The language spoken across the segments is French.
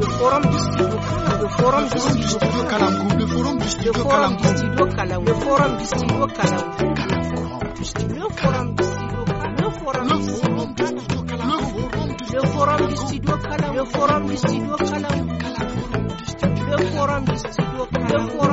The forum du The le forum du studio Kalamkou le forum du studio Kalamkou le forum du studio Kalamkou le forum du studio Kalamkou le forum du studio Kalamkou le forum du The forum du studio forum du studio forum du studio Kalamkou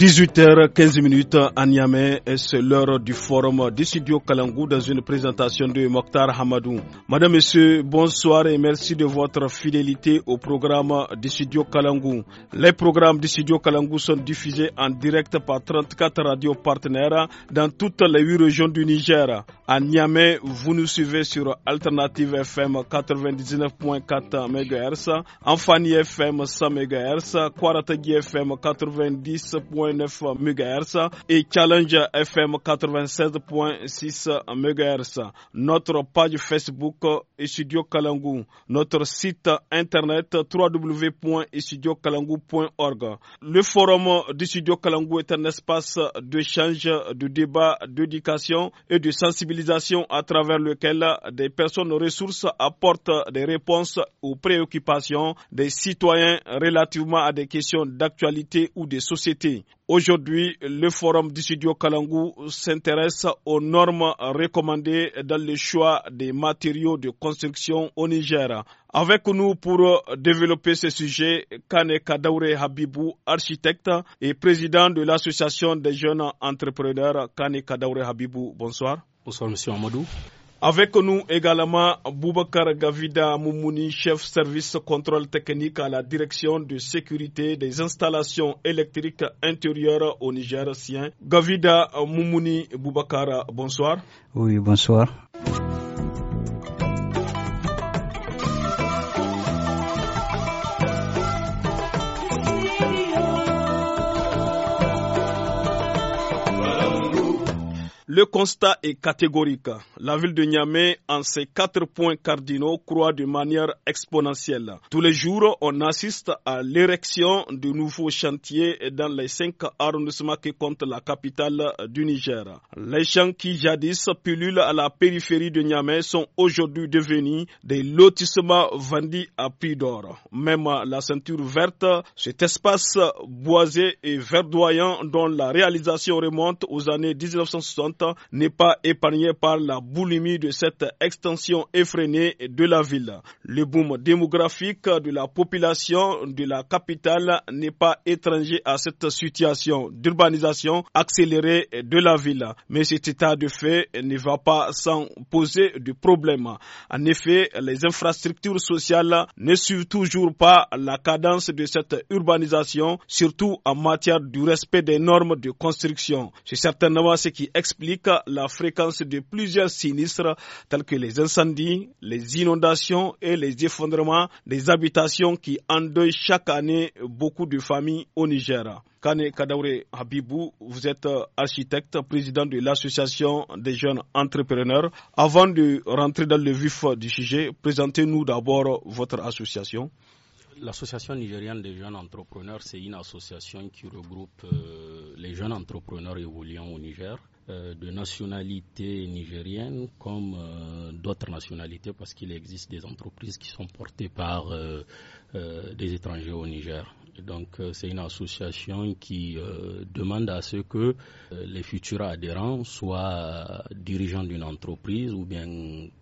18h15 à Niamey, c'est l'heure du forum du studio Kalangou dans une présentation de Mokhtar Hamadou. Madame, Monsieur, bonsoir et merci de votre fidélité au programme du studio Kalangou. Les programmes du studio Kalangou sont diffusés en direct par 34 radios partenaires dans toutes les 8 régions du Niger. À Niamey, vous nous suivez sur Alternative FM 99.4 MHz, Enfani FM 100 MHz, Kwaratagi FM 90. MHz et Challenge FM 96.6 MHz. Notre page Facebook Studio Kalangu. Notre site internet www.studiokalangu.org. Le forum du Studio Kalangu est un espace d'échange, de débat, d'éducation et de sensibilisation à travers lequel des personnes aux ressources apportent des réponses aux préoccupations des citoyens relativement à des questions d'actualité ou de société. Aujourd'hui, le forum du studio Kalangou s'intéresse aux normes recommandées dans le choix des matériaux de construction au Niger. Avec nous pour développer ce sujet, Kane Kadaure Habibou, architecte et président de l'association des jeunes entrepreneurs. Kane Kadaure Habibou, bonsoir. Bonsoir, monsieur Amadou. Avec nous également Boubacar Gavida Moumouni, chef service contrôle technique à la direction de sécurité des installations électriques intérieures au Niger. Sien. Gavida Moumouni Boubacar, bonsoir. Oui, bonsoir. Le constat est catégorique. La ville de Niamey, en ses quatre points cardinaux, croît de manière exponentielle. Tous les jours, on assiste à l'érection de nouveaux chantiers dans les cinq arrondissements qui comptent la capitale du Niger. Les champs qui jadis pullulent à la périphérie de Niamey sont aujourd'hui devenus des lotissements vendus à prix d'or. Même la ceinture verte, cet espace boisé et verdoyant dont la réalisation remonte aux années 1960, n'est pas épargné par la boulimie de cette extension effrénée de la ville. Le boom démographique de la population de la capitale n'est pas étranger à cette situation d'urbanisation accélérée de la ville. Mais cet état de fait ne va pas sans poser de problème. En effet, les infrastructures sociales ne suivent toujours pas la cadence de cette urbanisation, surtout en matière du respect des normes de construction. C'est certainement ce qui explique la fréquence de plusieurs sinistres tels que les incendies, les inondations et les effondrements des habitations qui endeuillent chaque année beaucoup de familles au Niger. Kane Kadaure Habibou, vous êtes architecte, président de l'Association des jeunes entrepreneurs. Avant de rentrer dans le vif du sujet, présentez-nous d'abord votre association. L'association nigérienne des jeunes entrepreneurs, c'est une association qui regroupe euh, les jeunes entrepreneurs évoluant au Niger. Euh, de nationalité nigérienne comme euh, d'autres nationalités parce qu'il existe des entreprises qui sont portées par euh, des étrangers au Niger. Donc euh, c'est une association qui euh, demande à ce que euh, les futurs adhérents soient dirigeants d'une entreprise ou bien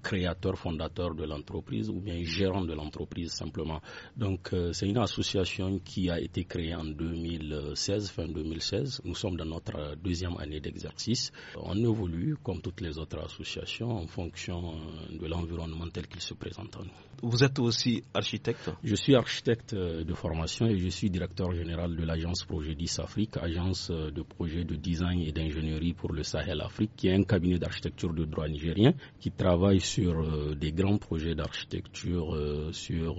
créateurs, fondateurs de l'entreprise ou bien gérants de l'entreprise simplement. Donc c'est une association qui a été créée en 2016, fin 2016. Nous sommes dans notre deuxième année d'exercice. On évolue comme toutes les autres associations en fonction de l'environnement tel qu'il se présente à nous. Vous êtes aussi architecte Je suis architecte de formation et je suis directeur général de l'agence Projet 10 Afrique, agence euh, de projet de design et d'ingénierie pour le Sahel Afrique, qui est un cabinet d'architecture de droit nigérien qui travaille sur euh, des grands projets d'architecture, euh, sur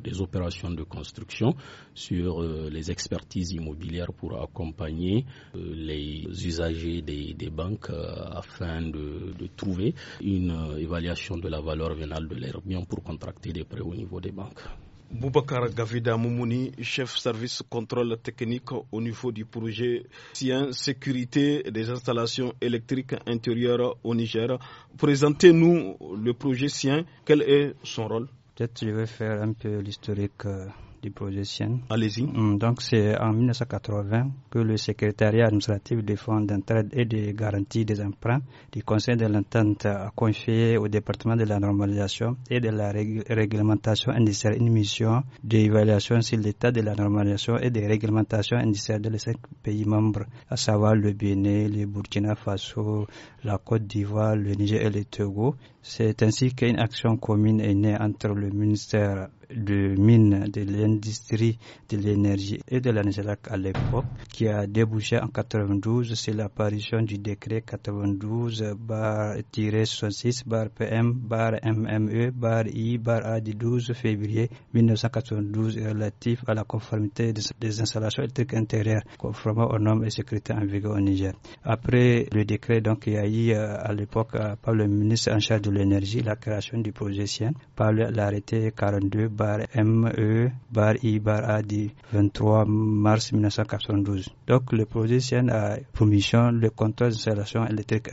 des opérations de construction, sur les expertises immobilières pour accompagner les usagers des, banques afin de, trouver une évaluation de la valeur vénale de l'air bien pour contracter des prêts au niveau des banques. Boubacar Gavida Moumouni, chef service contrôle technique au niveau du projet Sien Sécurité des installations électriques intérieures au Niger. Présentez-nous le projet Sien. Quel est son rôle Peut-être je vais faire un peu l'historique euh, du projet Sienne. Allez-y. Hum, donc, c'est en 1980 que le secrétariat administratif des fonds d'entraide et de garantie des emprunts du Conseil de l'entente a confié au département de la normalisation et de la réglementation industrielle une mission d'évaluation sur l'état de la normalisation et des réglementations industrielles des cinq pays membres, à savoir le Bénin, le Burkina Faso, la Côte d'Ivoire, le Niger et le Togo. C'est ainsi qu'une action commune est née entre le ministère de Mines, de l'Industrie, de l'Énergie et de la Nigeria à l'époque, qui a débouché en 92 sur l'apparition du décret 92-66-PM-MME-I-A e, du 12 février 1992 relatif à la conformité des installations électriques intérieures, conformément aux normes et sécurité en vigueur au Niger. Après le décret, donc, il y a eu euh, à l'époque euh, par le ministre en charge l'énergie, la création du projet SIEN par l'arrêté 42 bar ME bar I bar A du 23 mars 1992. Donc le projet SIEN a pour mission le contrôle des installations électriques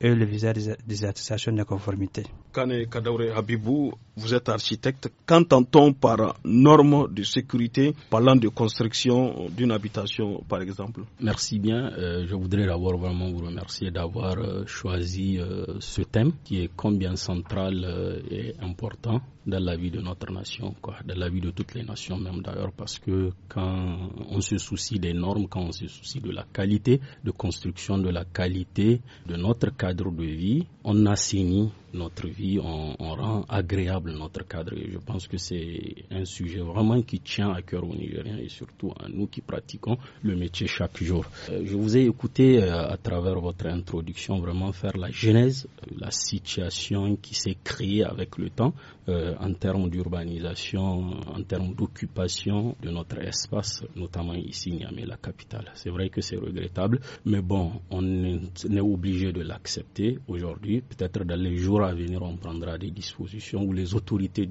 et le visa des attestations de conformité. Kane Kadaure Habibou, vous êtes architecte. Qu'entend-on par normes de sécurité parlant de construction d'une habitation, par exemple Merci bien. Euh, je voudrais d'abord vraiment vous remercier d'avoir euh, choisi euh, ce thème qui est combien central euh, est important dans la vie de notre nation, quoi, dans la vie de toutes les nations même d'ailleurs, parce que quand on se soucie des normes, quand on se soucie de la qualité de construction, de la qualité de notre cadre de vie, on assainit notre vie, on, rend agréable notre cadre. je pense que c'est un sujet vraiment qui tient à cœur aux Nigériens et surtout à nous qui pratiquons le métier chaque jour. Euh, je vous ai écouté euh, à travers votre introduction vraiment faire la genèse, la situation qui s'est créée avec le temps. Euh, euh, en termes d'urbanisation, en termes d'occupation de notre espace, notamment ici Niamey, la capitale. C'est vrai que c'est regrettable, mais bon, on est, obligé de l'accepter aujourd'hui. Peut-être dans les jours à venir, on prendra des dispositions ou les autorités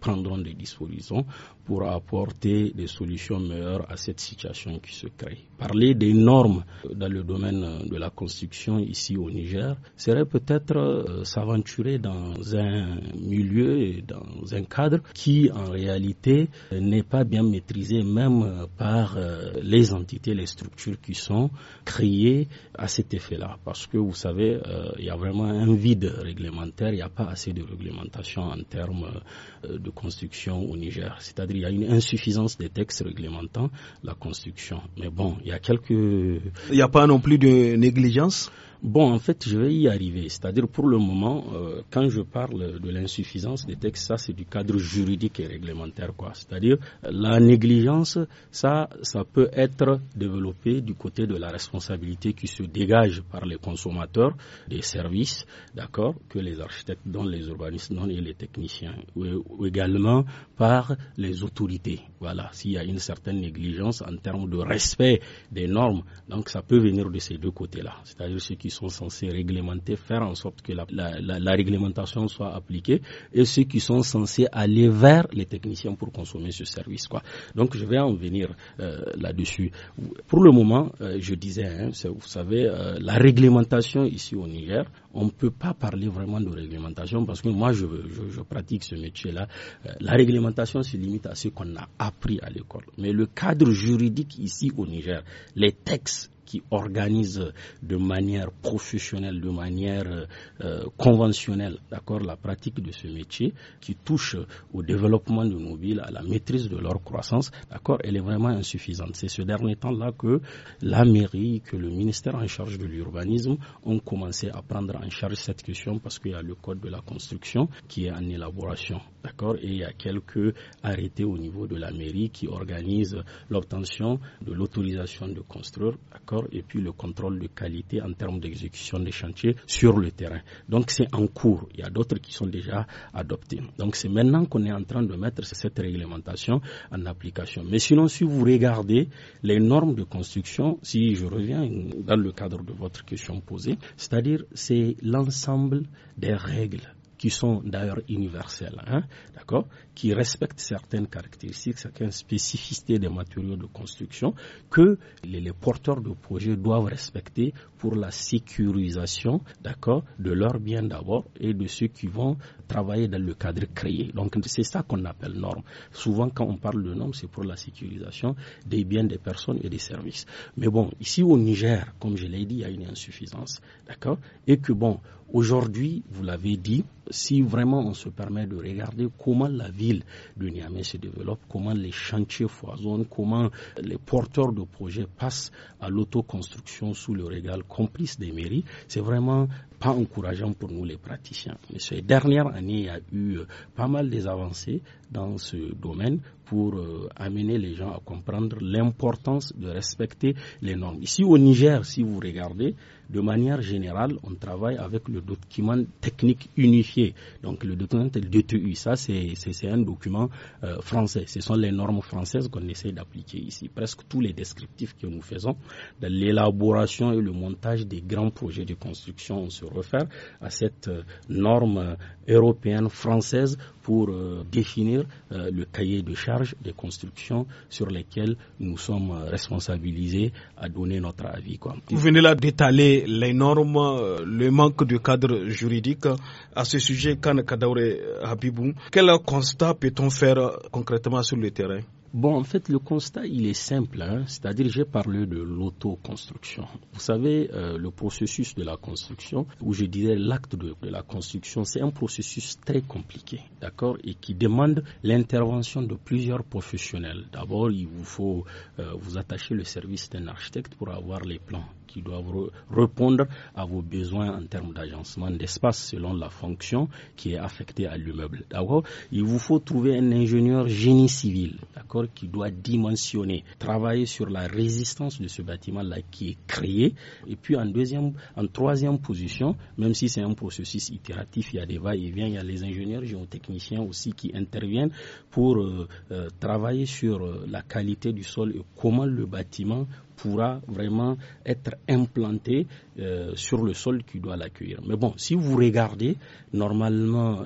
prendront des dispositions pour apporter des solutions meilleures à cette situation qui se crée. Parler des normes euh, dans le domaine euh, de la construction ici au Niger serait peut-être s'aventurer dans un milieu dans un cadre qui, en réalité, n'est pas bien maîtrisé même euh, par euh, les entités, les structures qui sont créées à cet effet-là. Parce que, vous savez, euh, il y a vraiment un vide réglementaire, il n'y a pas assez de réglementation en termes de construction au Niger. C'est-à-dire, il y a une insuffisance des textes réglementant la construction. Mais bon, il y a quelques... Il n'y a pas non plus de négligence Bon, en fait, je vais y arriver. C'est-à-dire, pour le moment, euh, quand je parle de l'insuffisance des textes, ça, c'est du cadre juridique et réglementaire, quoi. C'est-à-dire, la négligence, ça, ça peut être développé du côté de la responsabilité qui se dégage par les consommateurs des services, d'accord, que les architectes dont les urbanistes donnent et les techniciens, ou, ou également par les autorités. Voilà, s'il y a une certaine négligence en termes de respect des normes, donc ça peut venir de ces deux côtés-là. C'est-à-dire ceux qui sont censés réglementer, faire en sorte que la, réglementation soit appliquée, et ceux qui sont censés aller vers les techniciens pour consommer ce service. Quoi. Donc je vais en venir euh, là-dessus. Pour le moment, euh, je disais, hein, vous savez, euh, la réglementation ici au Niger, on ne peut pas parler vraiment de réglementation parce que moi, je pratique ce métier-là. la réglementation se limite à ce qu'on a appris à l'école. Mais le cadre juridique ici au Niger, les textes qui organise de manière professionnelle, de manière euh, conventionnelle, d'accord, la pratique de ce métier, qui touche au développement de nos villes, à la maîtrise de leur croissance, d'accord, elle est vraiment insuffisante. C'est ce dernier temps-là que la mairie, que le ministère en charge de l'urbanisme ont commencé à prendre en charge cette question parce qu'il y a le code de la construction qui est en élaboration, d'accord, et il y a quelques arrêtés au niveau de la mairie qui organisent l'obtention de l'autorisation de construire, d'accord et puis le contrôle de qualité en termes d'exécution des chantiers sur le terrain. Donc c'est en cours. Il y a d'autres qui sont déjà adoptés. Donc c'est maintenant qu'on est en train de mettre cette réglementation en application. Mais sinon, si vous regardez les normes de construction, si je reviens dans le cadre de votre question posée, c'est-à-dire c'est l'ensemble des règles qui sont d'ailleurs universelles, hein, d'accord, qui respectent certaines caractéristiques, certaines spécificités des matériaux de construction que les, porteurs de projets doivent respecter pour la sécurisation, d'accord, de leurs biens d'abord et de ceux qui vont travailler dans le cadre créé. Donc c'est ça qu'on appelle norme. Souvent quand on parle de norme, c'est pour la sécurisation des biens des personnes et des services. Mais bon, ici au Niger, comme je l'ai dit, il y a une insuffisance, d'accord, et que bon, Aujourd'hui, vous l'avez dit, si vraiment on se permet de regarder comment la ville de Niamey se développe, comment les chantiers foisonnent, comment les porteurs de projets passent à l'autoconstruction sous le régal complice des mairies, c'est vraiment pas encourageant pour nous les praticiens. Mais ces dernières années, il y a eu euh, pas mal des avancées dans ce domaine pour euh, amener les gens à comprendre l'importance de respecter les normes. Ici au Niger, si vous regardez, de manière générale, on travaille avec le document technique unifié. Donc le document DTU, ça c'est un document euh, français. Ce sont les normes françaises qu'on essaie d'appliquer ici. Presque tous les descriptifs que nous faisons, dans l'élaboration et le montage des grands projets de construction, on se réfère à cette euh, norme euh, européenne, française, pour euh, définir euh, le cahier de charge des constructions sur lesquelles nous sommes euh, responsabilisés à donner notre avis. Vous venez là d'étaler les normes, le manque de cadre juridique à ce sujet, Khan Habibou. Quel constat peut-on faire concrètement sur le terrain Bon, en fait, le constat, il est simple. Hein, C'est-à-dire, j'ai parlé de l'autoconstruction. Vous savez, euh, le processus de la construction, ou je dirais l'acte de, de, la construction, c'est un processus très compliqué, d'accord, et qui demande l'intervention de plusieurs professionnels. D'abord, il vous faut euh, vous attacher le service d'un architecte pour avoir les plans qui doivent répondre à vos besoins en termes d'agencement d'espace selon la fonction qui est affectée à l'immeuble. D'accord Il vous faut trouver un ingénieur génie civil, d'accord, qui doit dimensionner, travailler sur la résistance de ce bâtiment-là qui est créé. Et puis en deuxième, en troisième position, même si c'est un processus itératif, il y a des va-et-vient, il y a les ingénieurs géotechniciens aussi qui interviennent pour euh, euh, travailler sur euh, la qualité du sol et comment le bâtiment pourra vraiment être implanté euh, sur le sol qui doit l'accueillir. Mais bon, si vous regardez, normalement,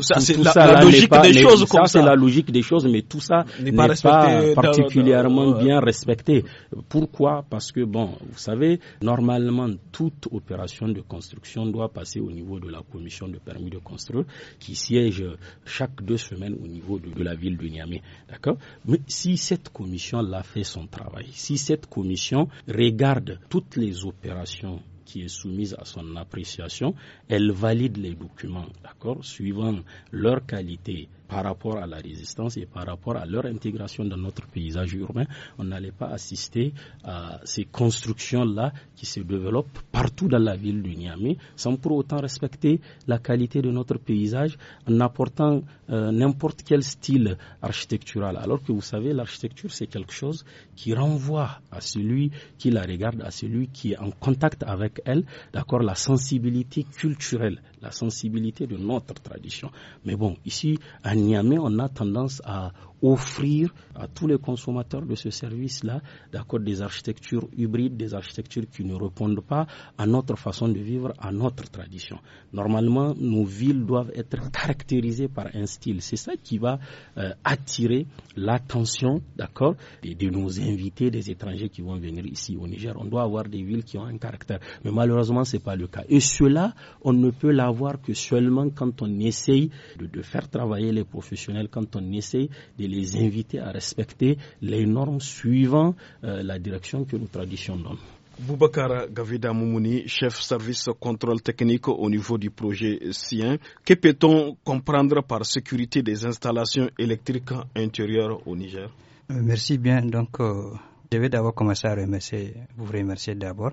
ça c'est la, logique des choses. la logique des choses, mais tout ça n'est pas, particulièrement bien respecté. Pourquoi Parce que bon, vous savez, normalement, toute opération de construction doit passer au niveau de la commission de permis de construire, qui siège chaque deux semaines au niveau de, la ville de Niamey. D'accord Mais si cette commission l'a fait son travail, si cette cette commission regarde toutes les opérations qui est soumises à son appréciation, elle valide les documents, d'accord, suivant leur qualité, par rapport à la résistance et par rapport à leur intégration dans notre paysage urbain, on n'allait pas assister à ces constructions-là qui se développent partout dans la ville du Niamey sans pour autant respecter la qualité de notre paysage en apportant euh, n'importe quel style architectural. Alors que vous savez, l'architecture, c'est quelque chose qui renvoie à celui qui la regarde, à celui qui est en contact avec elle, d'accord, la sensibilité culturelle la sensibilité de notre tradition. Mais bon, ici, à Niamey, on a tendance à offrir à tous les consommateurs de ce service-là, d'accord, des architectures hybrides, des architectures qui ne répondent pas à notre façon de vivre, à notre tradition. Normalement, nos villes doivent être caractérisées par un style. C'est ça qui va euh, attirer l'attention, d'accord, de, nos invités, des étrangers qui vont venir ici au Niger. On doit avoir des villes qui ont un caractère, mais malheureusement, c'est pas le cas. Et cela, on ne peut l'avoir que seulement quand on essaye de, de faire travailler les professionnels, quand on essaye de les inviter à respecter les normes suivant euh, la direction que nous traditions donnent. Boubacar Gavida Moumouni, chef service contrôle technique au niveau du projet SIEN. Que peut-on comprendre par sécurité des installations électriques intérieures au Niger euh, Merci bien. Donc, euh, je vais d'abord commencer à vous remercier d'abord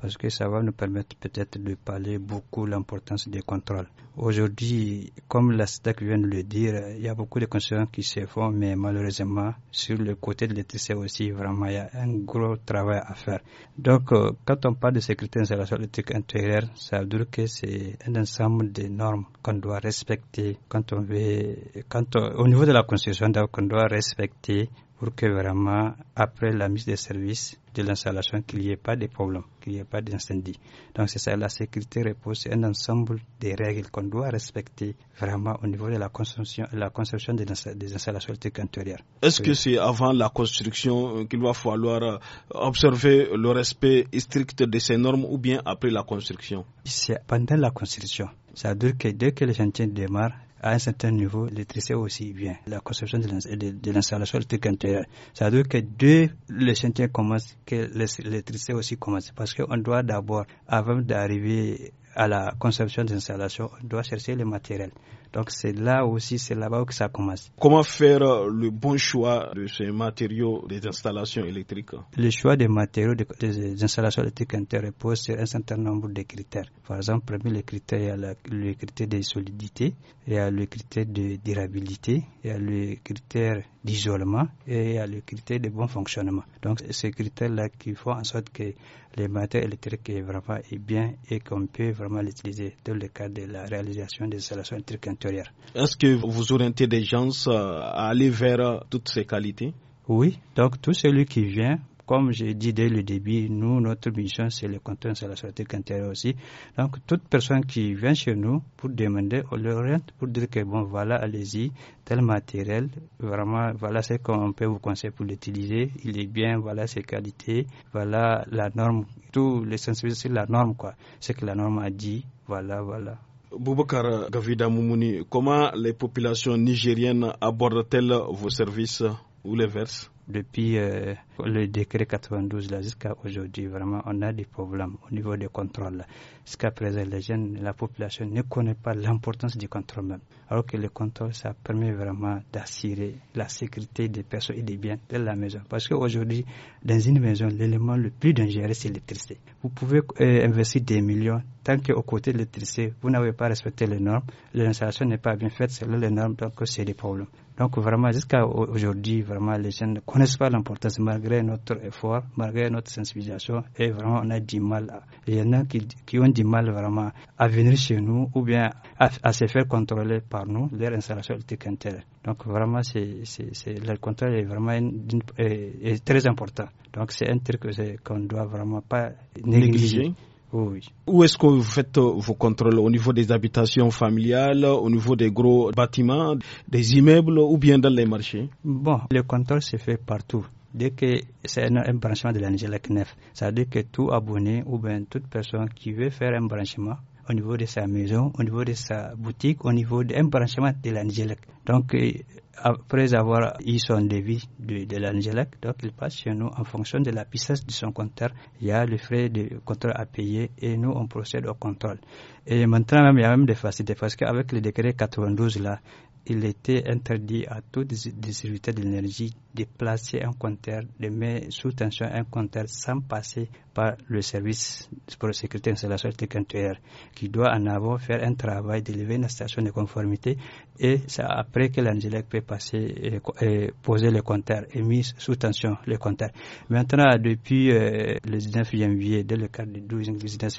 parce que ça va nous permettre peut-être de parler beaucoup l'importance des contrôles. Aujourd'hui, comme la STAC vient de le dire, il y a beaucoup de concessions qui se font, mais malheureusement, sur le côté de l'ETC aussi, vraiment, il y a un gros travail à faire. Donc, euh, quand on parle de sécurité d'installation électrique intérieure, ça veut dire que c'est un ensemble de normes qu'on doit respecter quand on veut, quand euh, au niveau de la construction, donc on doit respecter pour que vraiment, après la mise de service de l'installation, qu'il n'y ait pas de problème, qu'il n'y ait pas d'incendie. Donc c'est ça, la sécurité repose sur un ensemble de règles qu'on doit respecter vraiment au niveau de la construction, la des, des installations électriques intérieures. Est-ce que c'est avant la construction euh, qu'il va falloir euh, observer le respect strict de ces normes ou bien après la construction C'est pendant la construction. C'est-à-dire que dès que le chantier démarre, à un certain niveau, l'électricité aussi vient. La conception de l'installation électrique intérieure. Ça veut dire que dès le chantier commence, que l'électricité aussi commence. Parce qu'on doit d'abord, avant d'arriver à la conception l'installation, on doit chercher les matériels. Donc c'est là aussi, c'est là-bas que ça commence. Comment faire euh, le bon choix de ces matériaux des installations électriques Le choix des matériaux des installations électriques interpose sur un certain nombre de critères. Par exemple, parmi les critères, il y a le critère de solidité, il y a le critère de durabilité, il y a le critère d'isolement et il y a le critère de bon fonctionnement. Donc ces critères-là qui font en sorte que les matériaux électriques est vraiment est bien et qu'on peut vraiment l'utiliser dans le cadre de la réalisation des installations électriques est-ce que vous orientez des gens euh, à aller vers euh, toutes ces qualités Oui, donc tout celui qui vient comme j'ai dit dès le début, nous, notre mission, c'est le contenu, c'est la santé intérieure aussi. Donc, toute personne qui vient chez nous pour demander, on l'oriente pour dire que bon, voilà, allez-y, tel matériel, vraiment, voilà ce qu'on peut vous conseiller pour l'utiliser, il est bien, voilà ses qualités, voilà la norme, tout l'essentiel, c'est la norme, quoi. Ce que la norme a dit, voilà, voilà. Boubacar Gavida Moumouni, comment les populations nigériennes abordent-elles vos services ou les versent depuis euh, le décret 92 jusqu'à aujourd'hui, vraiment, on a des problèmes au niveau des contrôles. Jusqu'à présent, les jeunes, la population ne connaît pas l'importance du contrôle même. Alors que le contrôle, ça permet vraiment d'assurer la sécurité des personnes et des biens de la maison. Parce qu'aujourd'hui, dans une maison, l'élément le plus dangereux, c'est l'électricité. Vous pouvez euh, investir des millions, tant qu'au côté de l'électricité, vous n'avez pas respecté les normes, l'installation n'est pas bien faite selon les normes, donc c'est des problèmes. Donc vraiment, jusqu'à aujourd'hui, vraiment, les gens ne connaissent pas l'importance malgré notre effort, malgré notre sensibilisation. Et vraiment, on a du mal. Il y en a qui, qui, ont du mal vraiment à venir chez nous ou bien à, se faire contrôler par nous leur installation électrique interne. Donc vraiment, le contrôle est vraiment très important. Donc c'est un truc qu'on ne doit vraiment pas négliger oui. Où est-ce que vous faites euh, vos contrôles Au niveau des habitations familiales, au niveau des gros bâtiments, des immeubles ou bien dans les marchés Bon, le contrôle se fait partout. Dès que c'est un, branchement de la ça veut dire que tout abonné ou bien toute personne qui veut faire un branchement au niveau de sa maison, au niveau de sa boutique, au niveau d'un branchement de l'Angélec. Donc, euh, après avoir eu son débit de, de l'Angélec, donc il passe chez nous en fonction de la puissance de son compteur. Il y a le frais de contrôle à payer et nous, on procède au contrôle. Et maintenant, même, il y a même des facilités parce qu'avec le décret 92, là, il était interdit à tous les distributeurs d'énergie de placer un compteur, de mettre sous tension un compteur sans passer le service de sécurité société TQNTR, qui doit en avant faire un travail d'élever une station de conformité et c'est après que l'Angélique peut passer et, poser le compteur et mis sous tension le compteur. Maintenant, depuis euh, le 19 janvier, dès le cadre du 12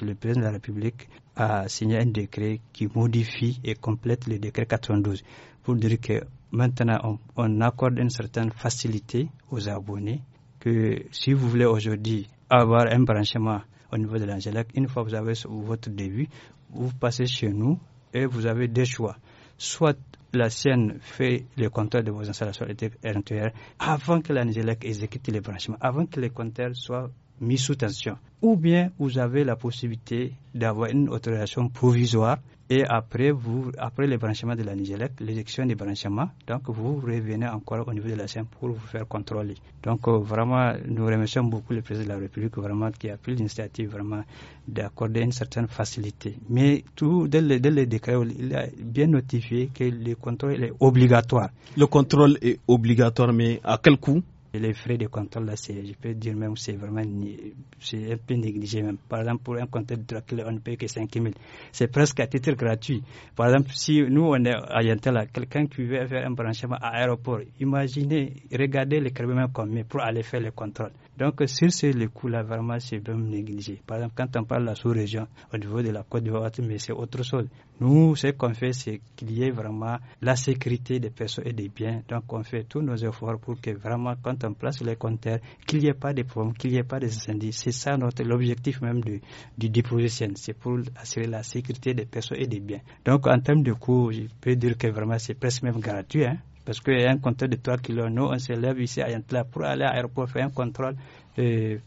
le président de la République a signé un décret qui modifie et complète le décret 92 pour dire que maintenant on accorde une certaine facilité aux abonnés que si vous voulez aujourd'hui avoir un branchement au niveau de l'Angélec. Une fois que vous avez votre début, vous passez chez nous et vous avez deux choix. Soit la sienne fait le compteur de vos installations électriques avant que l'Angélec exécute les branchements, avant que les compteurs soient mis sous tension. Ou bien vous avez la possibilité d'avoir une autorisation provisoire et après, vous, après le branchement de la Nigelec, l'élection des branchement, donc vous revenez encore au niveau de la SEM pour vous faire contrôler. Donc euh, vraiment, nous remercions beaucoup le président de la République vraiment qui a pris l'initiative vraiment d'accorder une certaine facilité. Mais tout, dès le, dès le, décret, il a bien notifié que le contrôle est obligatoire. Le contrôle est obligatoire, mais à quel coût et les frais de contrôle, là, je peux dire même, c'est vraiment un peu négligé même. Par exemple, pour un compteur de kilos, on ne paye que 5 000. C'est presque à titre gratuit. Par exemple, si nous, on est à Yantala, quelqu'un qui veut faire un branchement à l'aéroport, imaginez, regardez les crédits qu'on met pour aller faire le contrôle. Donc, sur ce les là vraiment, c'est même négligé. Par exemple, quand on parle de la sous-région, au niveau de la Côte d'Ivoire, mais c'est autre chose. Nous, ce qu'on fait, c'est qu'il y ait vraiment la sécurité des personnes et des biens. Donc, on fait tous nos efforts pour que vraiment, quand on place les compteurs, qu'il n'y ait pas de problèmes, qu'il n'y ait pas incendies C'est ça notre l'objectif même du, du C'est pour assurer la sécurité des personnes et des biens. Donc, en termes de coûts, je peux dire que vraiment, c'est presque même gratuit. Hein. Parce qu'il y a un contrôle de 3 kilos. Nous, on se lève ici à Yantla pour aller à l'aéroport faire un contrôle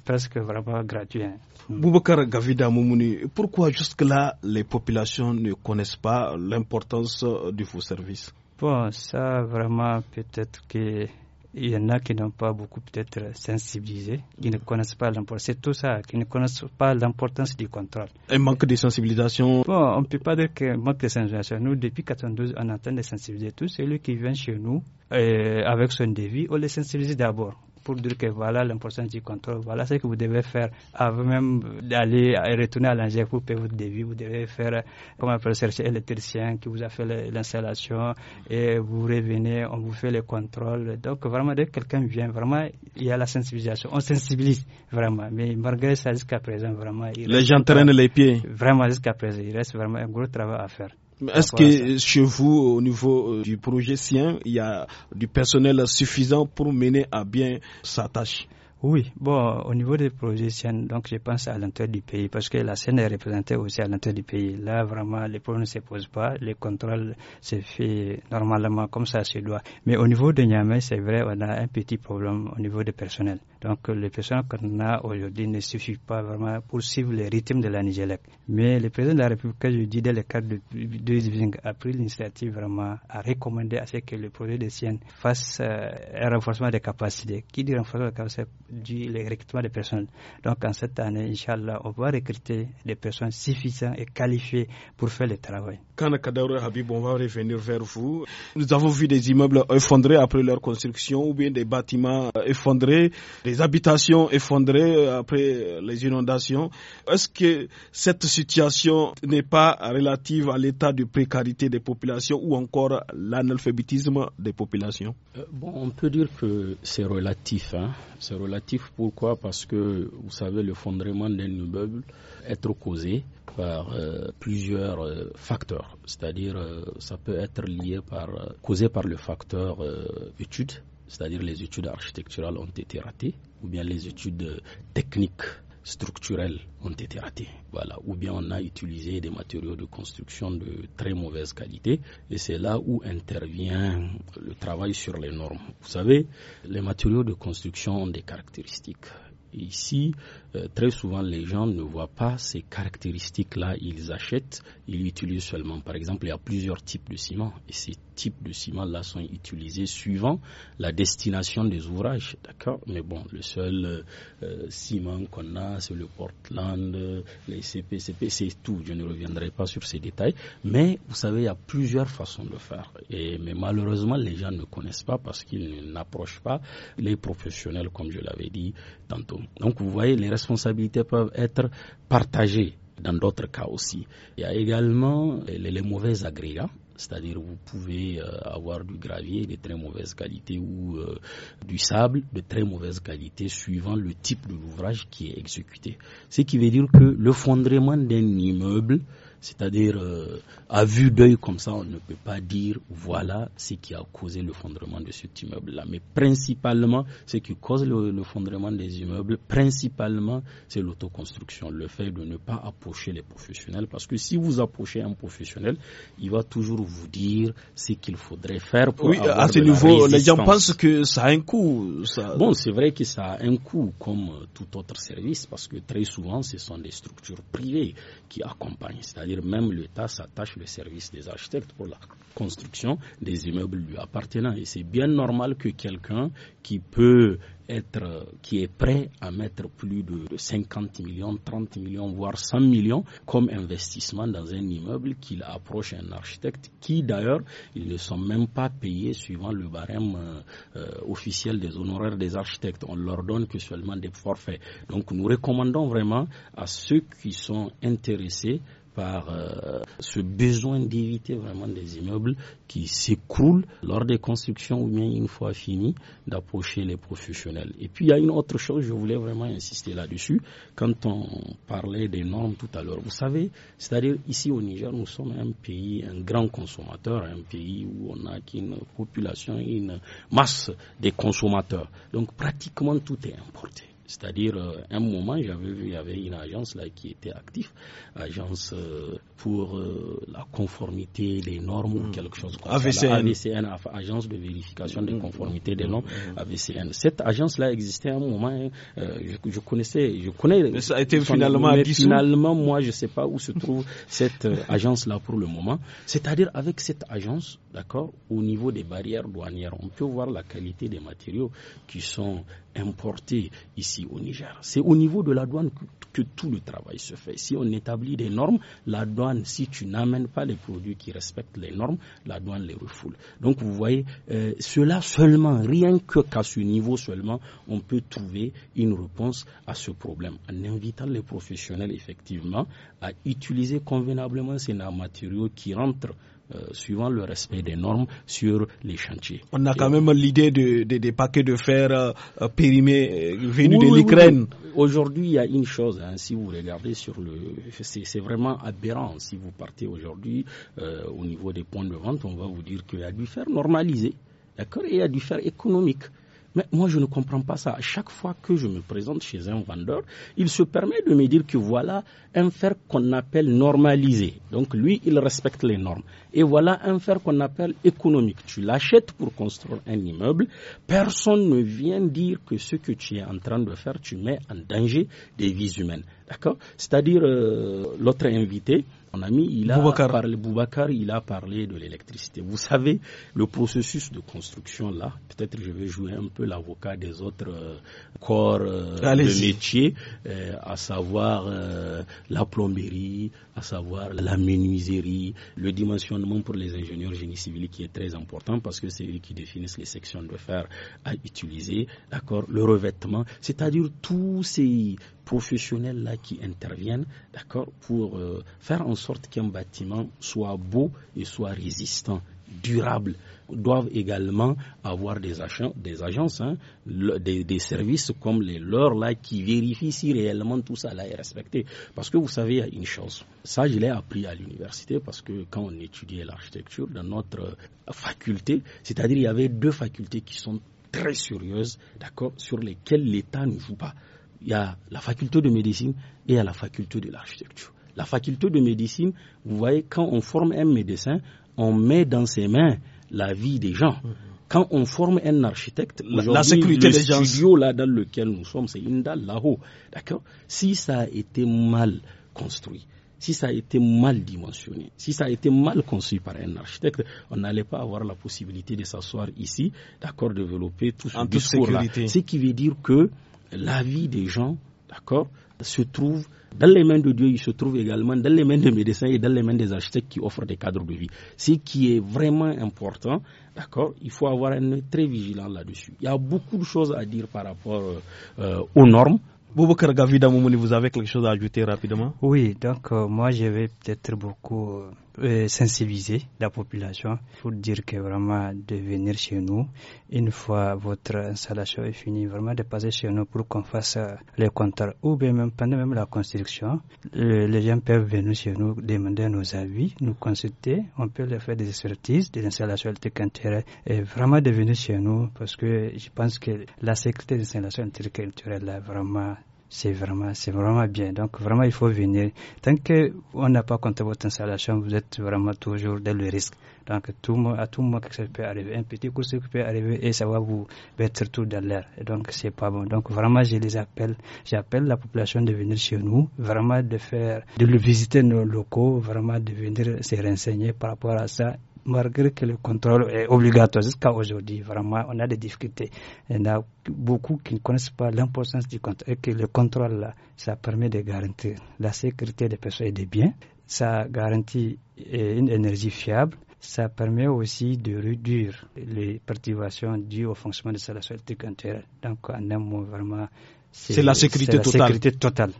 presque vraiment gratuit. Hein. Mm. Boubacar Gavida Moumouni, pourquoi jusque-là les populations ne connaissent pas l'importance du faux service Bon, ça vraiment peut-être que il y en a qui n'ont pas beaucoup peut-être sensibilisé, qui ne connaissent pas l'importance. C'est tout ça, qui ne connaissent pas l'importance du contrôle. Un manque de sensibilisation bon, On ne peut pas dire qu'il manque de sensibilisation. Nous, depuis 92, on entend de sensibiliser tous. Celui qui vient chez nous avec son devis, on les sensibilise d'abord pour dire que voilà l'importance du contrôle, voilà ce que vous devez faire avant même d'aller retourner à l'ingénieur pour payer votre débit. Vous devez faire, comme on appelle, chercher l'électricien qui vous a fait l'installation et vous revenez, on vous fait le contrôle. Donc vraiment, dès que quelqu'un vient, vraiment, il y a la sensibilisation. On sensibilise vraiment. Mais malgré ça, jusqu'à présent, vraiment... les gens traînent les pieds. Vraiment, jusqu'à présent, il reste vraiment un gros travail à faire. Est-ce que chez vous, au niveau euh, du projet sien, il y a du personnel suffisant pour mener à bien sa tâche oui, bon, au niveau des projections, donc je pense à l'intérieur du pays, parce que la scène est représentée aussi à l'intérieur du pays. Là, vraiment, les problèmes ne se posent pas, les contrôles se font normalement comme ça se doit. Mais au niveau de Niamey, c'est vrai, on a un petit problème au niveau du personnel. Donc, les personnel qu'on a aujourd'hui ne suffit pas vraiment pour suivre les rythmes de la Nigélec. Mais le président de la République, je dis, dès le cadre de, a pris l'initiative vraiment à recommander à ce que le projet de Sienne fasse euh, un renforcement des capacités. Qui dit renforcement des capacités du recrutement des personnes. Donc, en cette année, Inch'Allah, on va recruter des personnes suffisantes et qualifiées pour faire le travail. Quand Habib, on va revenir vers vous. Nous avons vu des immeubles effondrés après leur construction ou bien des bâtiments euh, effondrés, des habitations effondrées euh, après les inondations. Est-ce que cette situation n'est pas relative à l'état de précarité des populations ou encore l'analphabétisme des populations euh, Bon, on peut dire que c'est relatif. Hein. c'est relatif pourquoi Parce que, vous savez, le l'effondrement d'un immeuble être causé par euh, plusieurs euh, facteurs. C'est-à-dire, euh, ça peut être lié par, causé par le facteur études, c'est-à-dire les études architecturales ont été ratées, ou bien les études techniques structurelles ont été ratés. Voilà. Ou bien on a utilisé des matériaux de construction de très mauvaise qualité. Et c'est là où intervient le travail sur les normes. Vous savez, les matériaux de construction ont des caractéristiques. ici, euh, très souvent les gens ne voient pas ces caractéristiques-là. Ils achètent, ils utilisent seulement. Par exemple, il y a plusieurs types de ciment et ces types de ciment-là sont utilisés suivant la destination des ouvrages. D'accord Mais bon, le seul euh, ciment qu'on a, c'est le Portland, les CPCP, c'est tout. Je ne reviendrai pas sur ces détails. Mais vous savez, il y a plusieurs façons de faire. Et, mais malheureusement, les gens ne connaissent pas parce qu'ils n'approchent pas les professionnels, comme je l'avais dit tantôt. Donc vous voyez, les responsabilités peuvent être partagées dans d'autres cas aussi. Il y a également les, mauvais agrégats. C'est-à-dire vous pouvez euh, avoir du gravier de très mauvaise qualité ou euh, du sable de très mauvaise qualité suivant le type de l'ouvrage qui est exécuté. Ce qui veut dire que le fondrement d'un immeuble c'est-à-dire, euh, à vue d'œil comme ça, on ne peut pas dire voilà ce qui a causé l'effondrement de cet immeuble-là. Mais principalement, ce qui cause le, des immeubles, principalement, c'est l'autoconstruction, le fait de ne pas approcher les professionnels. Parce que si vous approchez un professionnel, il va toujours vous dire ce qu'il faudrait faire pour... Oui, à ce niveau, les gens pensent que ça a un coût. Bon, c'est vrai que ça a un coût comme euh, tout autre service, parce que très souvent, ce sont des structures privées qui accompagnent. C'est-à-dire même l'État s'attache le service des architectes pour la construction des immeubles lui appartenant. Et c'est bien normal que quelqu'un qui peut être, qui est prêt à mettre plus de 50 millions, 30 millions, voire 100 millions comme investissement dans un immeuble qu'il approche un architecte qui d'ailleurs, ils ne sont même pas payés suivant le barème euh, euh, officiel des honoraires des architectes. On leur donne que seulement des forfaits. Donc nous recommandons vraiment à ceux qui sont intéressés par euh, ce besoin d'éviter vraiment des immeubles qui s'écroulent lors des constructions ou bien une fois fini d'approcher les professionnels. Et puis il y a une autre chose, je voulais vraiment insister là-dessus, quand on parlait des normes tout à l'heure. Vous savez, c'est-à-dire ici au Niger, nous sommes un pays, un grand consommateur, un pays où on a une population, une masse de consommateurs. Donc pratiquement tout est importé. C'est-à-dire, euh, un moment, j'avais vu, il y avait une agence là qui était active, agence euh, pour euh, la conformité les normes ou hmm. quelque chose comme AVCN. ça. AVCN, agence de vérification des hmm. conformités des normes, hmm. AVCN. Cette agence-là existait à un moment, hein, je, connaissais, je connais. Mais ça a été finalement Finalement, moi, je ne sais pas où se trouve cette agence-là pour le moment. C'est-à-dire, avec cette agence, d'accord, au niveau des barrières douanières, on peut voir la qualité des matériaux qui sont importer ici au Niger. C'est au niveau de la douane que, tout le travail se fait. Si on établit des normes, la douane, si tu n'amènes pas les produits qui respectent les normes, la douane les refoule. Donc vous voyez, euh, cela seulement, rien que qu'à ce niveau seulement, on peut trouver une réponse à ce problème en invitant les professionnels effectivement à utiliser convenablement ces matériaux qui rentrent euh, suivant le respect des normes sur les chantiers. On a quand même l'idée des paquets de fer euh, euh, périmés venus de l'Ukraine. Aujourd'hui, il y a une chose, hein, si vous regardez sur le... C'est vraiment aberrant. Si vous partez aujourd'hui au niveau des points de vente, on va vous dire qu'il y a du fer normalisé, d'accord, et il y a du fer économique. Mais moi, je ne comprends pas ça. Chaque fois que je me présente chez un vendeur, il se permet de me dire que voilà un fer qu'on appelle normalisé. Donc lui, il respecte les normes. Et voilà un fer qu'on appelle économique. Tu l'achètes pour construire un immeuble. Personne ne vient dire que ce que tu es en train de faire, tu mets en danger des vies humaines. D'accord C'est-à-dire, euh, l'autre invité, mon ami, il a parlé il a parlé de l'électricité. Vous savez, le processus de construction là, peut-être je vais jouer un peu l'avocat des autres euh, corps euh, de métier, euh, à savoir la plomberie, à savoir la menuiserie, le dimensionnement pour les ingénieurs génie civil qui est très important parce que c'est eux qui définissent les sections de fer à utiliser, d'accord, le revêtement, c'est-à-dire tous ces professionnels là qui interviennent, d'accord, pour euh, faire en sorte qu'un bâtiment soit beau et soit résistant durables doivent également avoir des, agences, hein, des, services comme les leurs là qui vérifient si réellement tout ça là est respecté. Parce que vous savez il y a une chose, ça je l'ai appris à l'université parce que quand on étudiait l'architecture dans notre faculté, c'est-à-dire il y avait deux facultés qui sont très sérieuses, d'accord, sur lesquelles l'État ne joue pas. Il y a la faculté de médecine et il y a la faculté de l'architecture. La faculté de médecine, vous voyez, quand on forme un médecin, on met dans ses mains la vie des gens. Mm-hmm. Quand on forme un architecte, la sécurité le des gens. studio là dans lequel nous sommes, c'est une dalle là-haut, d'accord Si ça a été mal construit, si ça a été mal dimensionné, si ça a été mal conçu par un architecte, on n'allait pas avoir la possibilité de s'asseoir ici, d'accord, développer tout ce discours-là. Ce qui veut dire que la vie des gens, d'accord, se trouve dans les mains de Dieu, il se trouve également dans les mains des médecins et dans les mains des architectes qui offrent des cadres de vie. Ce qui est vraiment important, d'accord, il faut avoir un œil très vigilant là-dessus. Il y a beaucoup de choses à dire par rapport euh, euh, aux normes. Boubacar Gavida vous avez quelque chose à ajouter rapidement Oui, donc euh, moi je vais peut-être beaucoup euh, sensibiliser la population pour dire que vraiment de venir chez nous une fois votre installation est finie, vraiment de passer chez nous pour qu'on fasse euh, les contrat ou bien même pendant même la construction, euh, les gens peuvent venir chez nous demander nos avis, nous consulter, on peut leur faire des expertises, des installations électriques et vraiment de venir chez nous parce que je pense que la sécurité des installations électriques culturelles là vraiment c'est vraiment, c'est vraiment bien. Donc, vraiment, il faut venir. Tant qu'on n'a pas compté votre installation, vous êtes vraiment toujours dans le risque. Donc, tout, à tout moment, quelque chose peut arriver. Un petit coup qui peut arriver et ça va vous mettre tout dans l'air. Donc, c'est pas bon. Donc, vraiment, je les appelle. J'appelle la population de venir chez nous, vraiment de faire, de le visiter nos locaux, vraiment de venir se renseigner par rapport à ça malgré que le contrôle est obligatoire jusqu'à aujourd'hui, vraiment, on a des difficultés. Il y en a beaucoup qui ne connaissent pas l'importance du contrôle et que le contrôle, là, ça permet de garantir la sécurité des personnes et des biens. Ça garantit euh, une énergie fiable. Ça permet aussi de réduire les perturbations dues au fonctionnement de la société intérieure. Donc, en un mot, vraiment, c'est la sécurité Sécurité totale.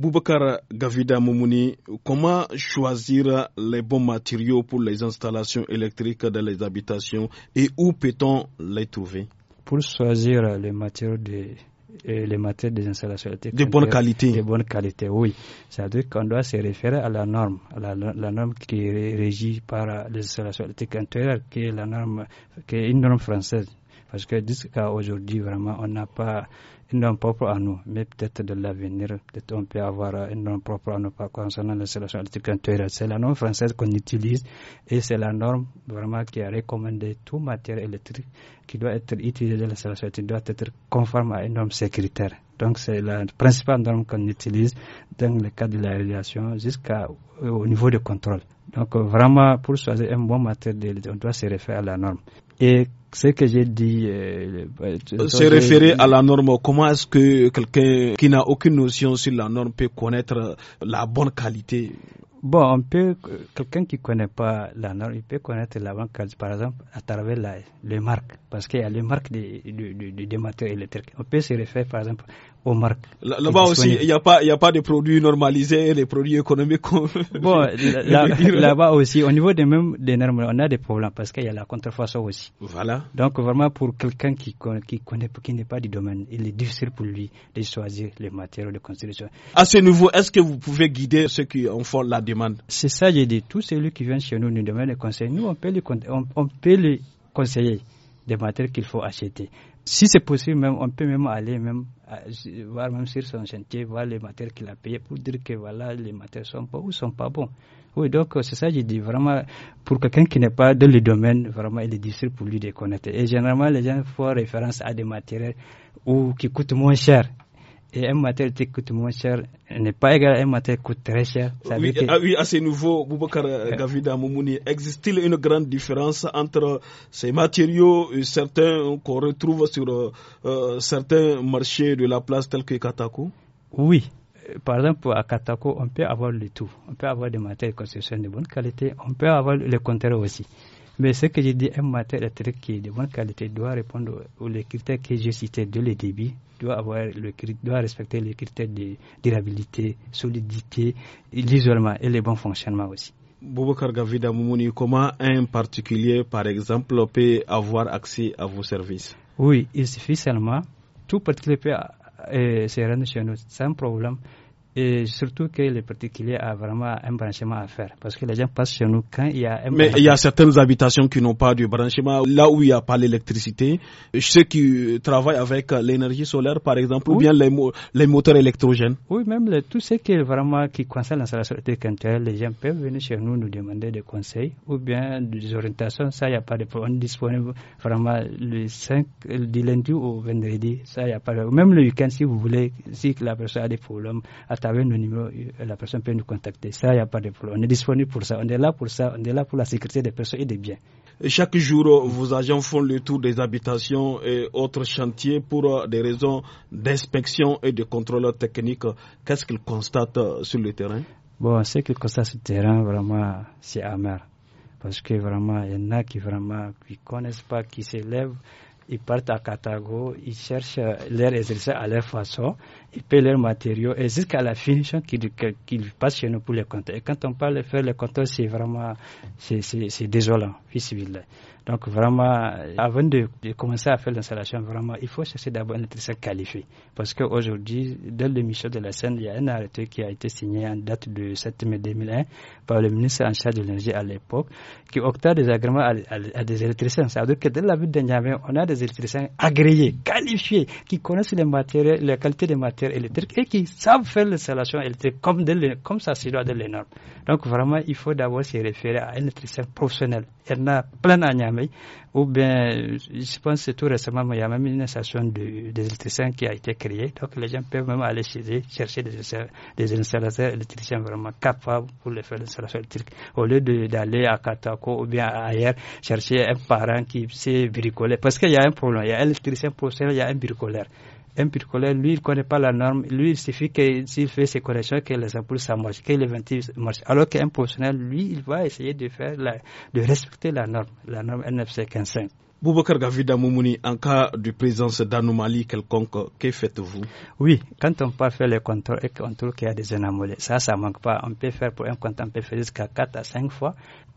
Boubacar Gavida Moumouni, comment choisir les bons matériaux pour les installations électriques dans les habitations et où peut-on les trouver Pour choisir les matériaux les matériaux des installations électriques. De bonne qualité. De bonne qualité, oui. C'est-à-dire qu'on doit se référer à la norme, la, norme qui est régie par les installations électriques intérieures, qui est la norme, qui est une norme française. Parce que jusqu'à aujourd'hui, vraiment, on n'a pas une norme propre à nous, mais peut-être de l'avenir, peut-être on peut avoir euh, une norme propre à nous pas concernant la théorie. C'est la norme française qu'on utilise et c'est la norme vraiment qui a recommandé tout matière électrique qui doit être utilisée dans l'installation électrique doit être conforme à une norme sécuritaire. Donc c'est la principale norme qu'on utilise dans le cadre de la jusqu'à jusqu'au euh, niveau de contrôle. Donc euh, vraiment, pour choisir un bon matériel, on doit se référer à la norme. Et ce que j'ai dit. Euh, euh, euh c'est référé à la norme. Comment est-ce que quelqu'un qui n'a aucune notion sur la norme peut connaître euh, la bonne qualité Bon, on peut. Quelqu'un qui ne connaît pas la norme, il peut connaître la bonne qualité, par exemple, à travers les marques. Parce qu'il y a les marques des des, matériaux électriques. On peut se référer, par exemple, aux marques. Là-bas aussi, il n'y a, pas, a pas de produits normalisés, les produits économiques. bon, là-bas aussi, au niveau des, mêmes, des normes, on a des problèmes parce qu'il y a la contrefaçon aussi. Voilà. Donc, vraiment, pour quelqu'un qui, qui connaît, qui n'est pas du domaine, il est difficile pour lui de choisir les matériaux de construction. À ce niveau, est-ce que vous pouvez guider ceux qui en font la demande C'est ça, j'ai dit. Tous ceux qui viennent chez nous nous demandent des conseils. Nous, on peut les, on, on peut les conseiller des matériaux qu'il faut acheter si c'est possible, même, on peut même aller même voir même sur son chantier, voir les matières qu'il a payées pour dire que voilà, les matières sont pas ou sont pas bons. Oui, donc c'est ça, je dis vraiment, pour quelqu'un qui n'est pas dans le domaine, vraiment, il est difficile pour lui de connaître. Et généralement, les gens font référence à des matériels ou qui coûtent moins cher et un matériel qui coûte moins cher n'est pas égal à un matériel qui coûte très cher. oui, à ce ah Boubacar euh, euh. Gavida existe-t-il une grande différence entre ces matériaux, et certains qu'on retrouve sur euh, certains marchés de la place tels que Katako Oui. Par exemple, à Katako, on peut avoir le tout. On peut avoir des matériaux de construction de bonne qualité. On peut avoir le contraire aussi. Mais ce que j'ai dit, un matériel de bonne qualité doit répondre aux critères que j'ai cités de le début, doit, avoir le, doit respecter les critères de durabilité, solidité, l'isolement et le bon fonctionnement aussi. Boubacar Gavida Moumouni, comment un particulier, par exemple, peut avoir accès à vos services Oui, il suffit seulement, tout particulier peut euh, se rendre chez nous sans problème surtout que les particuliers ont vraiment un branchement à faire. Parce que les gens passent chez nous quand il y a un Mais il y a certaines habitations qui n'ont pas de branchement. Là où il n'y a pas l'électricité, ceux qui travaillent avec l'énergie solaire, par exemple, ou bien les, les, moteurs électrogènes. Oui, même tout ce qui est vraiment qui concerne l'installation électrique les gens peuvent venir chez nous nous demander des conseils ou bien des orientations. Ça, il n'y a pas de problème. On est disponible vraiment le 5, du lundi au vendredi. Ça, il n'y a pas de Même le week-end, si vous voulez, si la personne a des problèmes avec nos numéros, euh, la personne peut nous contacter. Ça, il n'y a pas de problème. On est disponible pour ça. On est là pour ça. On est là pour la sécurité des personnes et des biens. Chaque jour, euh, vos agents font le tour des habitations et autres chantiers pour euh, des raisons d'inspection et de contrôle technique. Qu'est-ce qu'ils constatent sur le terrain Bon, ce qu'ils constatent sur le terrain, vraiment, c'est amer. Parce que vraiment, il y en a qui vraiment qui connaissent pas, qui s'élèvent, ils partent à Katago, ils cherchent leur exercice à leur façon ils paient leurs matériaux et jusqu'à la finition qu'ils passent chez nous pour les compter. Et quand on parle de faire les compteurs, c'est vraiment c'est désolant, Donc vraiment, avant de, commencer à faire l'installation, vraiment, il faut chercher d'abord un électricien qualifié. Parce qu'aujourd'hui, dans l'émission de la scène, il y a un arrêté qui a été signé en date de 7 mai 2001 par le ministre en charge de l'énergie à l'époque, qui octa des agréments à, des électriciens. Ça veut dire que dans la ville de Niamey, on a des électriciens agréés, qualifiés, qui connaissent les matériaux, la qualité des matériaux électriques et qui savent faire l'installation électrique comme, comme ça se doit de l'énorme. Donc vraiment, il faut d'abord se référer à un électricien professionnel. Il y en a plein à Niamey, ou bien, je pense que tout récemment, il y a même une station de, des électriciens qui a été créée. Donc les gens peuvent même aller chez chercher des, installateurs électriciens vraiment capables pour les faire l'installation électrique. Au lieu d'aller à Katako ou bien ailleurs chercher un parent qui sait bricoler. Parce qu'il y a un problème, il y a un électricien professionnel, il y a un bricoleur. Un collègue, lui, il ne connaît pas la norme. Lui, il suffit que s'il fait ses corrections, que les ampoules, ça que les ventiles marchent. Alors qu'un professionnel, lui, il va essayer de faire de respecter la norme, la norme NFC 15. Boubacar Gavida Moumouni, en cas de présence d'anomalies quelconque, que faites-vous Oui, quand on part faire les contrôles et qu'on trouve qu'il y a des anomalies, ça, ça manque pas. On peut faire pour un compte, on peut faire jusqu'à 4 à 5 fois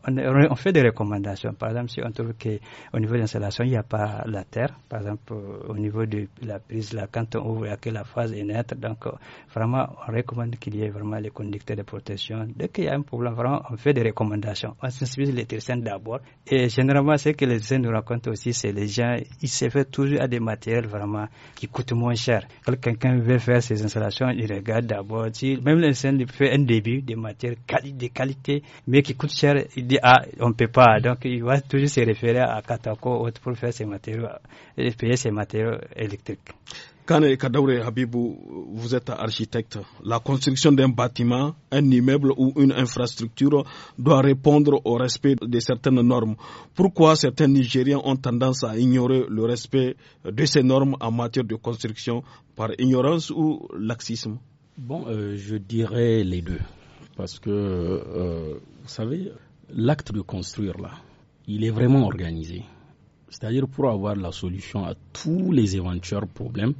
on, fait des recommandations. Par exemple, si on trouve qu'au niveau de l'installation, il n'y a pas la terre, par exemple, euh, au niveau de la prise, là, quand on ouvre, que la phase est nette, donc euh, vraiment, on recommande qu'il y ait vraiment les conducteurs de protection. Dès qu'il y a un problème, vraiment, on fait des recommandations. On sensibilise les terrains d'abord. Et généralement, ce que les gens nous racontent aussi, c'est les gens, ils se font toujours à des matériels vraiment qui coûtent moins cher. Quand quelqu'un veut faire ses installations, il regarde d'abord, si même les fait un début des matières de qualité, mais qui coûte cher, ah, on ne peut pas. Donc, il va toujours se référer à Katako pour faire ses matériaux, euh, payer ses matériaux électriques. Kane Habibou, vous êtes architecte. La construction d'un bâtiment, un immeuble ou une infrastructure doit répondre au respect de certaines normes. Pourquoi certains Nigériens ont tendance à ignorer le respect de ces normes en matière de construction par ignorance ou laxisme Bon, euh, je dirais les deux. Parce que, euh, vous savez, l'acte de construire, là, il est vraiment organisé. C'est-à-dire pour avoir la solution à tous les éventuels problèmes,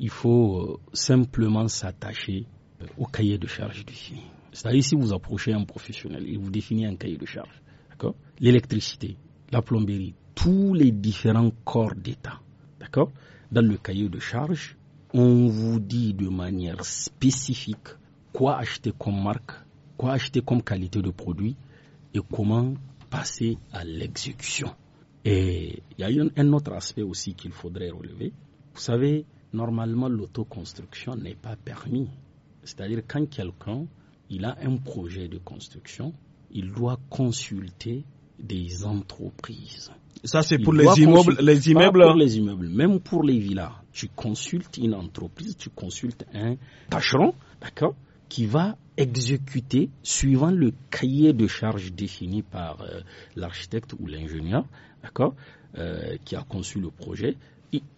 il faut euh, simplement s'attacher euh, au cahier de charge défini. C'est-à-dire si vous approchez un professionnel, il vous définit un cahier de charge. D'accord L'électricité, la plomberie, tous les différents corps d'État. D'accord Dans le cahier de charge, on vous dit de manière spécifique quoi acheter comme marque, quoi acheter comme qualité de produit, et comment passer à l'exécution. Et il y a un, autre aspect aussi qu'il faudrait relever. Vous savez, normalement, l'autoconstruction n'est pas permis. C'est-à-dire quand quelqu'un il a un projet de construction, il doit consulter des entreprises. Ça, c'est pour les immeubles, les immeubles. pour les immeubles, même pour les villas. Tu consultes une entreprise, tu consultes un tâcheron, d'accord qui va exécuter, suivant le cahier de charge défini par euh, l'architecte ou l'ingénieur, d'accord, euh, qui a conçu le projet,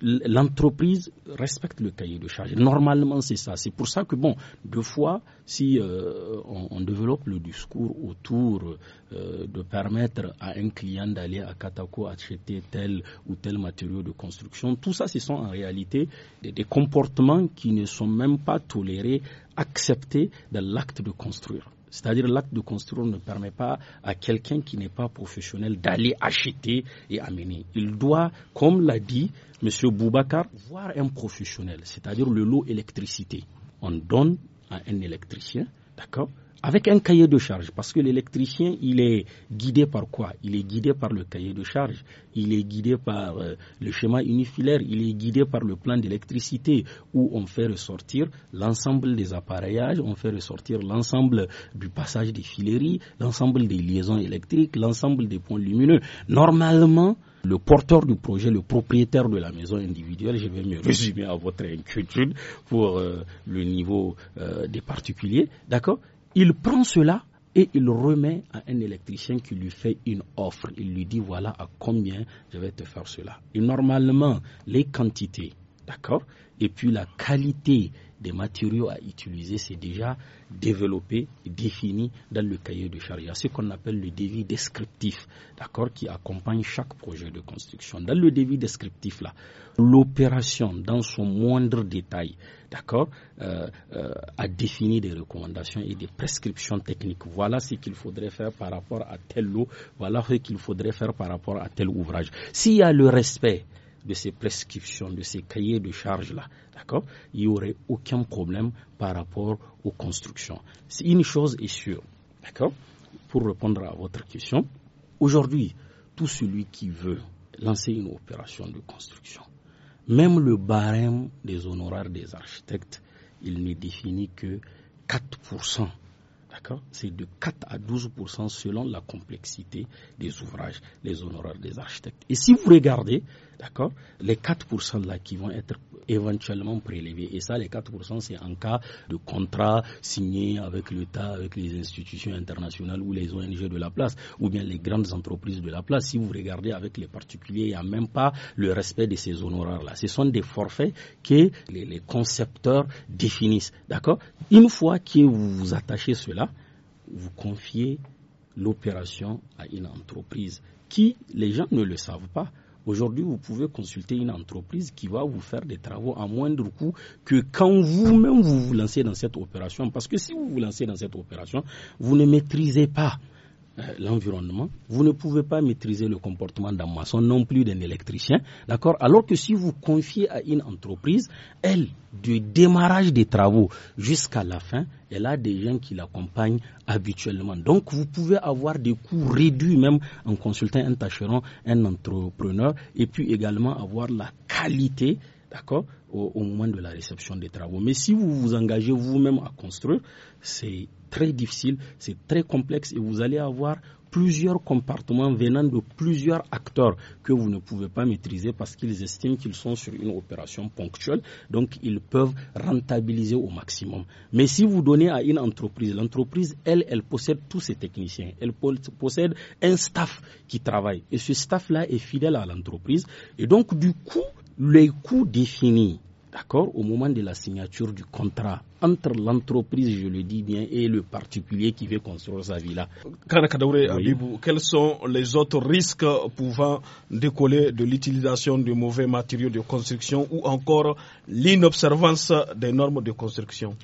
l'entreprise respecte le cahier de charge. Normalement, c'est ça. C'est pour ça que, bon, deux fois, si euh, on, développe le discours autour euh, de permettre à un client d'aller à Katako acheter tel ou tel matériau de construction, tout ça, ce sont en réalité des, des comportements qui ne sont même pas tolérés, acceptés dans l'acte de construire. C'est-à-dire l'acte de construire ne permet pas à quelqu'un qui n'est pas professionnel d'aller acheter et amener. Il doit, comme l'a dit M. Boubacar, voir un professionnel, c'est-à-dire le lot électricité. On donne à un électricien, d'accord avec un cahier de charge, parce que l'électricien, il est guidé par quoi Il est guidé par le cahier de charge, il est guidé par euh, le schéma unifilaire, il est guidé par le plan d'électricité, où on fait ressortir l'ensemble des appareillages, on fait ressortir l'ensemble du passage des fileries, l'ensemble des liaisons électriques, l'ensemble des points lumineux. Normalement, le porteur du projet, le propriétaire de la maison individuelle, je vais me résumer à votre inquiétude pour euh, le niveau euh, des particuliers, d'accord il prend cela et il remet à un électricien qui lui fait une offre. Il lui dit voilà à combien je vais te faire cela. Et normalement, les quantités, d'accord, et puis la qualité des matériaux à utiliser, c'est déjà développé, défini dans le cahier de charia, ce qu'on appelle le devis descriptif, d'accord, qui accompagne chaque projet de construction. Dans le devis descriptif là, l'opération dans son moindre détail, d'accord, euh, euh, a défini des recommandations et des prescriptions techniques. Voilà ce qu'il faudrait faire par rapport à tel lot, voilà ce qu'il faudrait faire par rapport à tel ouvrage. S'il y a le respect de ces prescriptions, de ces cahiers de charges-là, d'accord, il n'y aurait aucun problème par rapport aux constructions. Une chose est sûre, d'accord, pour répondre à votre question, aujourd'hui, tout celui qui veut lancer une opération de construction, même le barème des honoraires des architectes, il n'est défini que 4%. D'accord C'est de 4 à 12% selon la complexité des ouvrages, les honoraires des architectes. Et si vous regardez, D'accord Les 4% là qui vont être éventuellement prélevés. Et ça, les 4%, c'est en cas de contrat signé avec l'État, avec les institutions internationales ou les ONG de la place, ou bien les grandes entreprises de la place. Si vous regardez avec les particuliers, il n'y a même pas le respect de ces honoraires-là. Ce sont des forfaits que les, les concepteurs définissent. D'accord Une fois que vous vous attachez cela, vous confiez l'opération à une entreprise qui, les gens ne le savent pas. Aujourd'hui, vous pouvez consulter une entreprise qui va vous faire des travaux à moindre coût que quand vous-même vous vous lancez dans cette opération. Parce que si vous vous lancez dans cette opération, vous ne maîtrisez pas. Euh, l'environnement, vous ne pouvez pas maîtriser le comportement d'un maçon, non plus d'un électricien, d'accord Alors que si vous confiez à une entreprise, elle, du démarrage des travaux jusqu'à la fin, elle a des gens qui l'accompagnent habituellement. Donc, vous pouvez avoir des coûts réduits même en consultant un tâcheron, un entrepreneur, et puis également avoir la qualité, d'accord au, au, moment de la réception des travaux. Mais si vous vous engagez vous-même à construire, c'est très difficile, c'est très complexe et vous allez avoir plusieurs comportements venant de plusieurs acteurs que vous ne pouvez pas maîtriser parce qu'ils estiment qu'ils sont sur une opération ponctuelle, donc ils peuvent rentabiliser au maximum. Mais si vous donnez à une entreprise, l'entreprise, elle, elle possède tous ses techniciens, elle possède un staff qui travaille, et ce staff-là est fidèle à l'entreprise, et donc du coup, les coûts définis d'accord, au moment de la signature du contrat entre l'entreprise, je le dis bien, et le particulier qui veut construire sa villa. quels sont les autres risques pouvant décoller de l'utilisation de mauvais matériaux de construction ou encore l'inobservance des normes de construction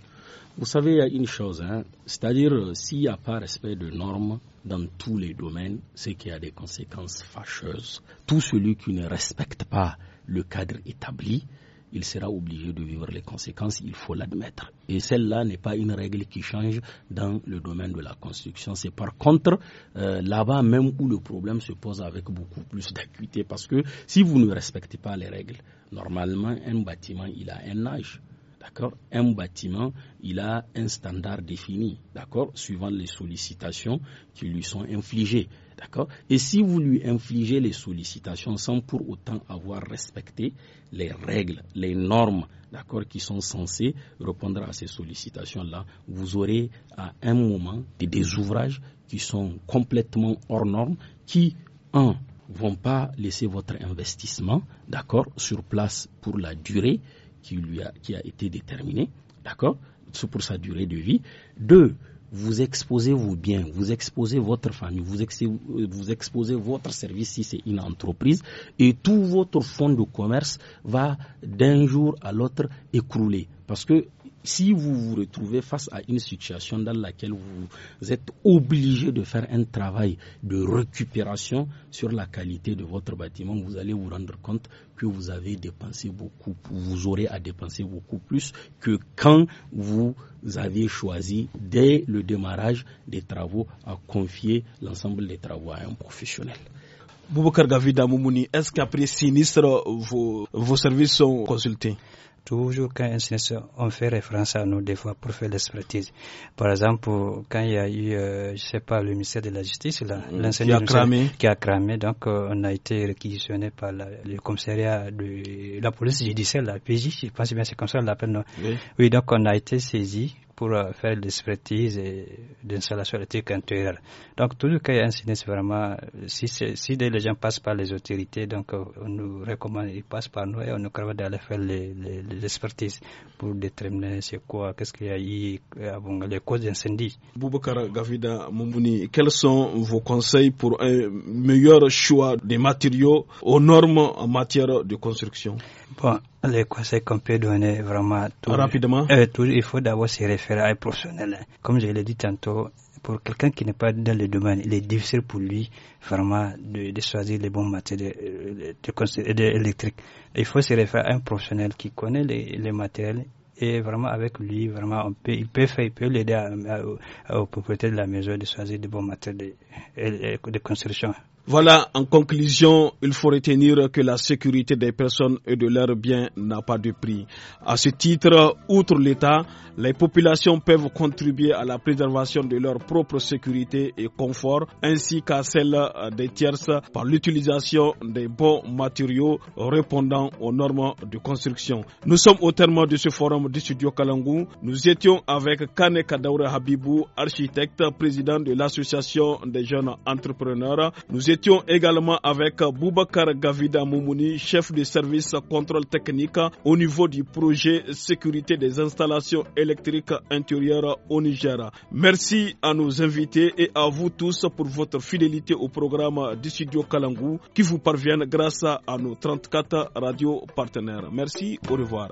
vous savez, il y a une chose, hein. c'est-à-dire euh, s'il n'y a pas respect de normes dans tous les domaines, ce qui a des conséquences fâcheuses. Tout celui qui ne respecte pas le cadre établi, il sera obligé de vivre les conséquences, il faut l'admettre. Et celle-là n'est pas une règle qui change dans le domaine de la construction. C'est par contre euh, là-bas même où le problème se pose avec beaucoup plus d'acuité, parce que si vous ne respectez pas les règles, normalement un bâtiment, il a un âge. D'accord Un bâtiment, il a un standard défini, d'accord Suivant les sollicitations qui lui sont infligées. D'accord Et si vous lui infligez les sollicitations sans pour autant avoir respecté les règles, les normes, d'accord, qui sont censées répondre à ces sollicitations-là, vous aurez à un moment des, ouvrages qui sont complètement hors normes, qui, un, vont pas laisser votre investissement, d'accord, sur place pour la durée qui, lui a, qui a été déterminée, d'accord, pour sa durée de vie. Deux, vous exposez vos biens, vous exposez votre famille, vous, vous exposez votre service si c'est une entreprise, et tout votre fonds de commerce va d'un jour à l'autre écrouler. Parce que si vous vous retrouvez face à une situation dans laquelle vous êtes obligé de faire un travail de récupération sur la qualité de votre bâtiment, vous allez vous rendre compte que vous avez dépensé beaucoup, vous aurez à dépenser beaucoup plus que quand vous avez choisi dès le démarrage des travaux à confier l'ensemble des travaux à un professionnel. Boubacar Gavida Moumouni, est-ce qu'après sinistre, vos services sont consultés toujours quand on fait référence à nous des fois pour faire l'expertise. Par exemple, quand il y a eu, euh, je sais pas, le ministère de la Justice, mm, l'enseignant qui, a cramé, donc euh, on a été réquisitionné par le commissariat de la police judiciaire, la PJ, je pense bien c'est comme ça on l'appelle. Oui. oui, donc on a été saisi pour euh, faire l'expertise d'installation électrique intérieure. Donc, tout ce qui est un sinistre, vraiment, euh, si, si les gens passent par les autorités, donc euh, on nous recommande, ils passent par nous et on nous permet d'aller faire l'expertise pour déterminer c'est quoi, qu'est-ce qu'il y a eu, les causes d'incendie. Boubacar Gavida Mumbuni, quels sont vos conseils pour un meilleur choix des matériaux aux normes en matière de construction les conseils qu'on peut donner vraiment tout, rapidement euh, il faut d'abord se référer à un professionnel comme je l'ai dit tantôt pour quelqu'un qui n'est pas dans le domaine il est difficile pour lui vraiment de, choisir les bons matériaux de, électriques il faut se référer à un professionnel qui connaît les, matériaux et vraiment avec lui, vraiment, il peut faire, il peut l'aider à, propriétaire de la maison de choisir de bons matériaux de, de construction. Voilà, en conclusion, il faut retenir que la sécurité des personnes et de leurs biens n'a pas de prix. À ce titre, outre l'État, les populations peuvent contribuer à la préservation de leur propre sécurité et confort, ainsi qu'à celle des tierces par l'utilisation des bons matériaux répondant aux normes de construction. Nous sommes au terme de ce forum du studio Kalangou. Nous étions avec Kane Kadaoura Habibou, architecte, président de l'association des jeunes entrepreneurs. Nous étions également avec Boubacar Gavida Moumouni, chef de service contrôle technique au niveau du projet sécurité des installations électriques intérieures au Niger. Merci à nos invités et à vous tous pour votre fidélité au programme du studio Kalangou qui vous parvient grâce à nos 34 radios partenaires. Merci, au revoir.